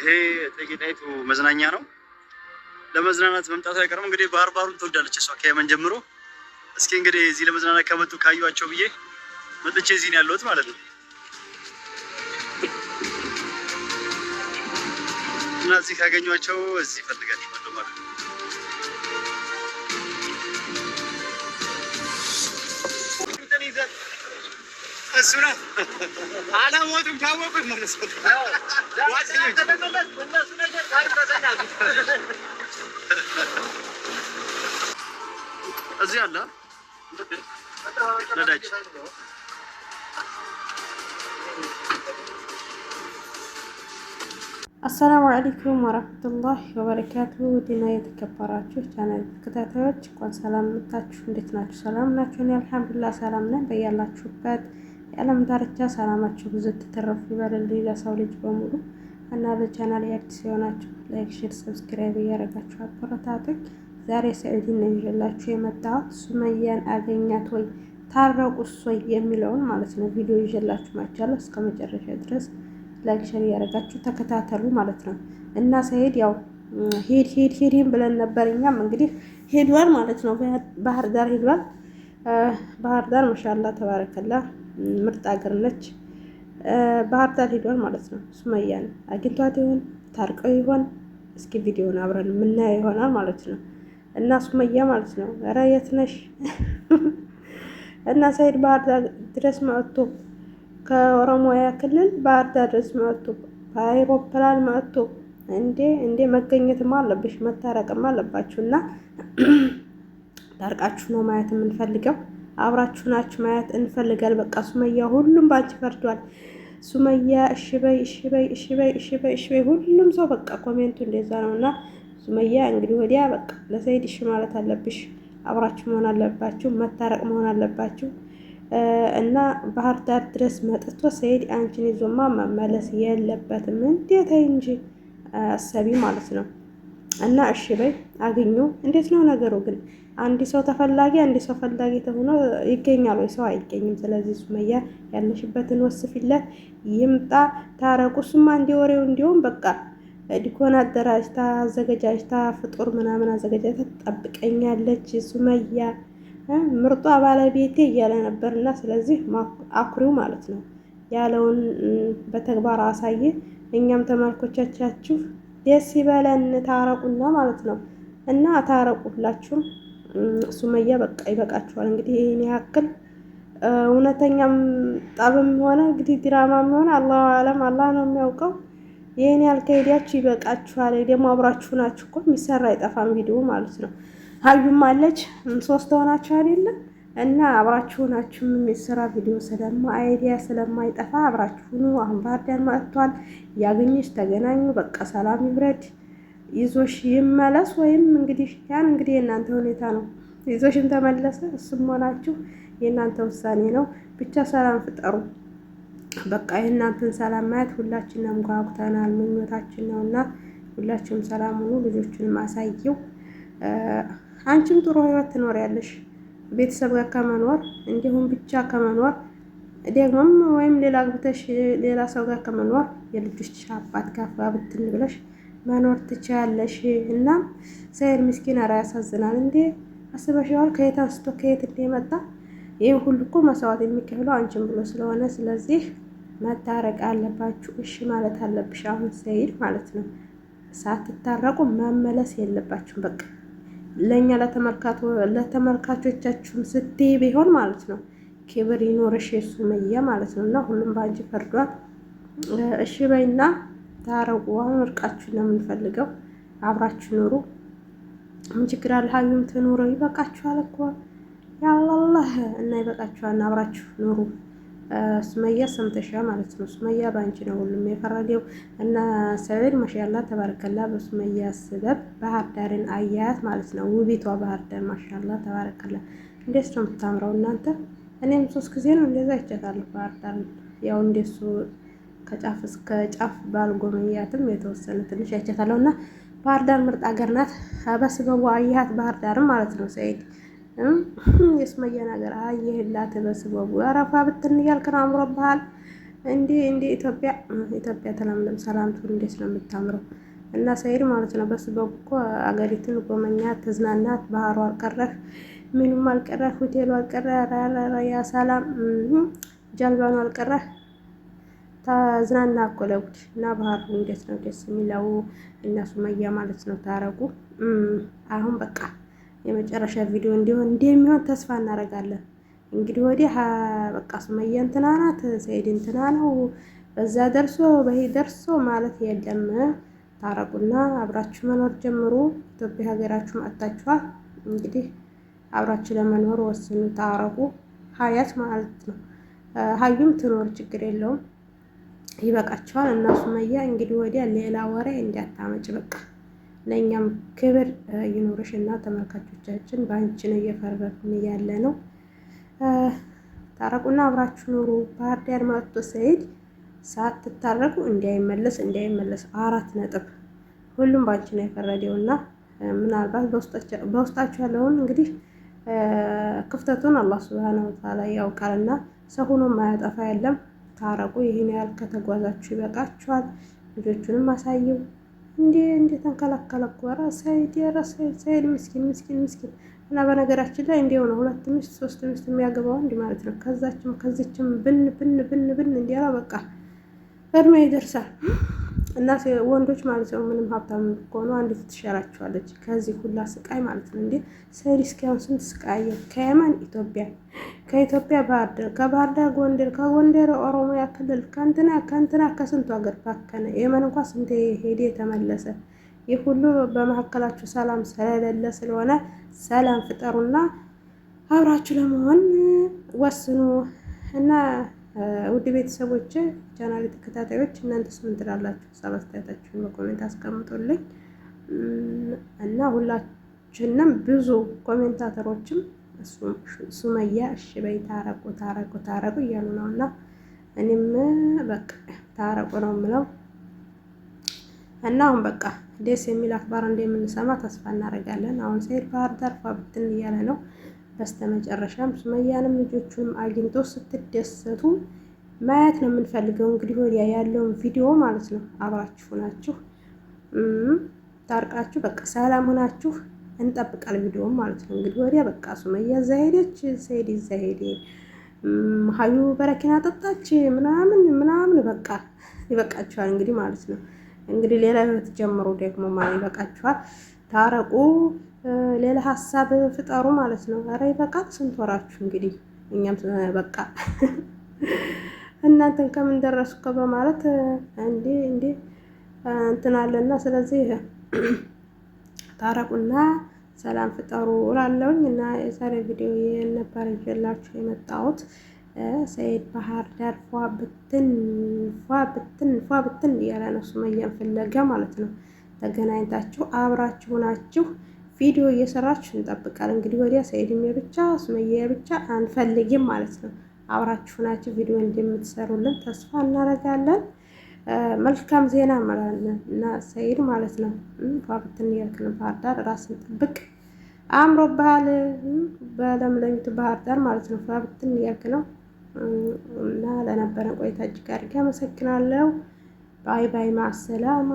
ይሄ እቴጌ ጣይቱ መዝናኛ ነው። ለመዝናናት መምጣቱ አይቀርም። እንግዲህ ባህር ባሩን ትወዳለች እሷ ከየመን ጀምሮ። እስኪ እንግዲህ እዚህ ለመዝናናት ከመጡ ካዩቸው ብዬ መጥቼ እዚህ ነው ያለሁት ማለት ነው። እና እዚህ ካገኟቸው እዚህ ይፈልጋል ማለት ነው። እሱ ነው። አላወጡም ታወቁ ይመለሱ እዚህ አለ ነዳጅ አሰላሙ አለይኩም ወረህመቱላሂ ወበረካቱ። ውድና የተከበራችሁ ቻናል ተከታታዮች እንኳን ሰላም መጣችሁ። እንዴት ናችሁ? ሰላም ናችሁ? እኔ አልሐምዱሊላህ ሰላም ነን። በያላችሁበት የዓለም ዳርቻ ሰላማችሁ ብዙ ተተረፉ ይበልልኝ ለሰው ልጅ በሙሉ እና ለቻናል የአዲስ የሆናችሁ ላይክ፣ ሼር፣ ሰብስክራይብ እያደረጋችሁ አበረታቶች ዛሬ ሰኢድን ነው ይዤላችሁ የመጣሁት። ሱመያን አገኛት ወይ ታረቁ ወይ የሚለውን ማለት ነው ቪዲዮ ይዤላችሁ መጥቻለሁ። እስከ መጨረሻ ድረስ ላይክ፣ ሼር እያደረጋችሁ ተከታተሉ ማለት ነው እና ሰኢድ ያው ሄድ ሄድ ሄድም ብለን ነበር። እኛም እንግዲህ ሄዷል ማለት ነው። ባህር ዳር ሄዷል። ባህር ዳር ማሻላ ተባረከላ ምርጥ ሀገር ነች። ባህር ዳር ሄዷል ማለት ነው። ሱመያን አግኝቷት ይሆን ታርቀው ይሆን? እስኪ ቪዲዮን አብረን የምናየው ይሆናል ማለት ነው። እና ሱመያ ማለት ነው ኧረ የት ነሽ? እና ሳይድ ባህር ዳር ድረስ መጥቶ ከኦሮሞያ ክልል ባህር ዳር ድረስ መጥቶ በአይሮፕላን መጥቶ እንዴ እንዴ መገኘትም አለብሽ መታረቅም አለባችሁ እና ታርቃችሁ ነው ማየት የምንፈልገው። አብራችሁ ናችሁ ማየት እንፈልጋል። በቃ ሱመያ ሁሉም ባንቺ ፈርዷል። ሱመያ እሺ በይ እሺ በይ እሺ በይ እሺ በይ እሺ በይ ሁሉም ሰው በቃ ኮሜንቱ እንደዛ ነውና ሱመያ እንግዲህ ወዲያ በቃ ለሰይድ እሺ ማለት አለብሽ። አብራችሁ መሆን አለባችሁ። መታረቅ መሆን አለባችሁ። እና ባህር ዳር ድረስ መጥቶ ሰይድ አንቺን ይዞማ መመለስ የለበትም። እንዴት እንጂ አሰቢ ማለት ነው። እና እሺ በይ አግኙ። እንዴት ነው ነገሩ ግን? አንድ ሰው ተፈላጊ አንድ ሰው ፈላጊ ተሆኖ ይገኛል ወይ? ሰው አይገኝም። ስለዚህ ሱመያ ያለሽበትን ወስፊለት ይምጣ፣ ታረቁ። እሱማ እንዲ ወሬው እንዲሁም በቃ ዲኮን አደራጅታ አዘገጃጅታ ፍጡር ምናምን አዘገጃጅታ ትጠብቀኛለች ሱመያ ምርጧ ባለቤቴ እያለ ነበር እና ስለዚህ አኩሪው ማለት ነው ያለውን በተግባር አሳየ። እኛም ተመልኮቻቻችሁ ደስ ይበለን። ታረቁና ማለት ነው እና ታረቁ ሁላችሁም ሱመያ በቃ ይበቃችኋል። እንግዲህ ይህን ያክል እውነተኛም ጣብም ሆነ እንግዲህ ድራማም ሆነ አላሁ አለም አላህ ነው የሚያውቀው። ይህን ያህል ከሄዳችሁ ይበቃችኋል። ደግሞ አብራችሁ ናችሁ እኮ የሚሰራ አይጠፋም ቪዲዮ ማለት ነው። ሀዩም አለች ሶስት ሆናችሁ አይደለም እና አብራችሁ ናችሁ የሚሰራ ቪዲዮ ስለማ አይዲያ ስለማይጠፋ አብራችሁ አሁን ባህር ዳር መጥቷል። ያገኘች ተገናኙ። በቃ ሰላም ይብረድ። ይዞሽ ይመለስ ወይም እንግዲህ ያን እንግዲህ የእናንተ ሁኔታ ነው። ይዞሽም ተመለሰ እሱም ሆናችሁ የእናንተ ውሳኔ ነው። ብቻ ሰላም ፍጠሩ። በቃ የእናንተን ሰላም ማየት ሁላችንም ጓጉተናል፣ ምኞታችን ነው እና ሁላችሁም ሰላም ሁኑ። ልጆቹን ማሳየው አንቺም ጥሩ ህይወት ትኖሪያለሽ ቤተሰብ ጋር ከመኖር እንዲሁም ብቻ ከመኖር ደግሞም ወይም ሌላ አግብተሽ ሌላ ሰው ጋር ከመኖር የልጆች አባት ጋር ብትን ብለሽ መኖር ትችያለሽ። እና ሰይድ ምስኪን፣ ኧረ ያሳዝናል። እንዴ አስበሽዋል? ከየት አንስቶ ከየት እንደመጣ ይህ ሁሉ እኮ መስዋዕት የሚከፍለው አንቺን ብሎ ስለሆነ ስለዚህ መታረቅ አለባችሁ። እሺ ማለት አለብሽ አሁን ሰይድ ማለት ነው። ሳትታረቁ መመለስ የለባችሁም። በቃ ለእኛ ለተመልካቾቻችሁም ስትይ ቢሆን ማለት ነው ክብር ይኖርሽ የሱመያ ማለት ነው። እና ሁሉም በአንቺ ፈርዷል። እሺ በይና ታረቁ። አሁን እርቃችሁ ነው የምንፈልገው። አብራችሁ ኑሩ። ምን ችግር አለ? ሀዩም ትኑረው። ይበቃችኋል እኮ ያላላህ እና ይበቃችኋል። አብራችሁ ኑሩ። ሱመያ ሰምተሻ ማለት ነው። ሱመያ በአንቺ ነው ሁሉም የፈረደው እና ሰዒድ ማሻላ ተባረከላ። በሱመያ ስበብ ባህር ዳርን አያያት ማለት ነው። ውቢቷ ባህር ዳር ማሻላ ተባረከላ። እንዴት ነው የምታምረው እናንተ! እኔም ሶስት ጊዜ ነው እንደዛ ይቻታለሁ ባህር ዳር ያው እንደሱ ከጫፍ እስከ ጫፍ ባልጎመያትም የተወሰነ ትንሽ አይቻታለሁ እና ባህር ዳር ምርጥ ሀገር ናት። በስበቡ አየሃት ባህር ዳርም ማለት ነው ሰይድ የስመየ ነገር አየህላት በስበቡ አረፋ ብትን እያልክ ነው አምሮብሃል። እንዲ እንዲ ኢትዮጵያ ኢትዮጵያ ተለምለም ሰላምቱ እንዴት ነው የምታምረው? እና ሰይድ ማለት ነው በስበቡ እኮ አገሪቱን ጎመኛት፣ ተዝናናት፣ ባህሩ አልቀረህ፣ ምንም አልቀረህ፣ ሆቴሉ አልቀረህ፣ ያ ሰላም ጀልባኑ አልቀረህ ዝናና እኮ ለጉድ እና ባህሩ እንዴት ነው ደስ የሚለው እና ሱመያ ማለት ነው ታረጉ። አሁን በቃ የመጨረሻ ቪዲዮ እንዲሆን እንደሚሆን ተስፋ እናደርጋለን። እንግዲህ ወዲህ በቃ ሱመያ እንትና ናት፣ እንትና ነው። በዛ ደርሶ በይ ደርሶ ማለት የለም። ታረቁና አብራችሁ መኖር ጀምሩ። ኢትዮጵያ ሀገራችሁ መጥታችኋል። እንግዲህ አብራችሁ ለመኖር ወስኑ፣ ታረቁ። ሀያት ማለት ነው ሀዩም ትኖር ችግር የለውም። ይበቃቸዋል። እና ሱመያ እንግዲህ ወዲያ ሌላ ወሬ እንዲያታመጭ በቃ ለእኛም ክብር ይኖርሽ እና ተመልካቾቻችን በአንቺ ነው እየፈረድን ያለ ነው። ታረቁና አብራችሁ ኑሩ። ባህር ዳር መጥቶ ሰይድ ሳትታረቁ እንዳይመለስ እንዳይመለስ አራት ነጥብ። ሁሉም በአንቺ ነው የፈረደው እና ምናልባት በውስጣችሁ ያለውን እንግዲህ ክፍተቱን አላህ ስብሃነሁ ወተዓላ ያውቃልና ሰው ሆኖ ማያጠፋ የለም። ታረቁ ይህን ያህል ከተጓዛችሁ ይበቃችኋል። ልጆቹንም አሳየው እንዴ እንዴ ተንከለከለ እኮ ኧረ ሰይድ ኧረ ሰይድ ሰይድ ምስኪን ምስኪን ምስኪን እና በነገራችን ላይ እንዲው ነው ሁለት ሚስት ሶስት ሚስት የሚያገባው እንዲ ማለት ነው። ከዛችም ከዚችም ብን ብን ብን ብን እንዲያላ በቃ በእድሜ ይደርሳል። እና ወንዶች ማለት ነው ምንም ሀብታም ከሆኑ አንዲት ትሻላቸዋለች ከዚህ ሁላ ስቃይ ማለት ነው። እንዴ ሰይድ እስኪያሁን ስንት ስቃየ ከየመን ኢትዮጵያ፣ ከኢትዮጵያ ባህር ዳር፣ ከባህር ዳር ጎንደር፣ ከጎንደር ኦሮሚያ ክልል ከንትና ከንትና ከስንቱ ሀገር ባከነ። የመን እንኳ ስንት ሄደ የተመለሰ። ይህ ሁሉ በመካከላችሁ ሰላም ስለሌለ ስለሆነ ሰላም ፍጠሩና አብራችሁ ለመሆን ወስኑ እና ውድ ቤተሰቦች ቻናል ተከታታዮች እናንተስ ምን ትላላችሁ? ሀሳብ አስተያየታችሁን በኮሜንት አስቀምጡልኝ እና ሁላችንም ብዙ ኮሜንታተሮችም ሱመያ እሺ በይ ታረቁ ታረቁ ታረቁ እያሉ ነው እና እኔም በቃ ታረቁ ነው የምለው እና አሁን በቃ ደስ የሚል አክባር እንደምንሰማ ተስፋ እናደርጋለን። አሁን ሰይድ ባህር ዳር ፏ ብትን እያለ ነው። በስተመጨረሻም ሱመያንም ልጆቹንም አግኝቶ ስትደሰቱ ማየት ነው የምንፈልገው። እንግዲህ ወዲያ ያለውን ቪዲዮ ማለት ነው። አብራችሁ ናችሁ ታርቃችሁ በቃ ሰላም ሆናችሁ እንጠብቃል ቪዲዮ ማለት ነው። እንግዲህ ወዲያ በቃ ሱመያ እዛ ሄደች፣ ሰይድ እዛ ሄደ፣ ሀዩ በረኪና ጠጣች፣ ምናምን ምናምን በቃ ይበቃችኋል እንግዲህ ማለት ነው። እንግዲህ ሌላ ህይወት ጀምሮ ደግሞ ማለት ይበቃችኋል፣ ታረቁ ሌላ ሀሳብ ፍጠሩ ማለት ነው። ኧረ ይበቃል። ስንት ወራችሁ እንግዲህ እኛም በቃ እናንተን ከምን ደረሱ እኮ በማለት እንዲ እንዴ እንትን አለና ስለዚህ ታረቁና ሰላም ፍጠሩ እላለሁኝ። እና የዛሬ ቪዲዮ ይህን ነበር ይዤላችሁ የመጣሁት። ሰይድ ባህር ዳር ፏ ብትን ፏ ብትን ፏ ብትን እያለ ነው ሱመያን ፍለጋ ማለት ነው። ተገናኝታችሁ አብራችሁ ናችሁ ቪዲዮ እየሰራች እንጠብቃለን። እንግዲህ ወዲያ ሰኢድም ብቻ ሱመያ ብቻ አንፈልግም ማለት ነው። አብራችሁ ናችሁ ቪዲዮ እንደምትሰሩልን ተስፋ እናደርጋለን። መልካም ዜና እና ሰኢድ ማለት ነው። ፏብትን ያልክን ባህር ዳር ራስን ጥብቅ አእምሮ ባህል በለምለሚቱ ባህር ዳር ማለት ነው። ፏብትን ያልክ ነው እና ለነበረን ቆይታ እጅግ አድርጌ አመሰግናለሁ። ባይ ባይ፣ ማሰላማ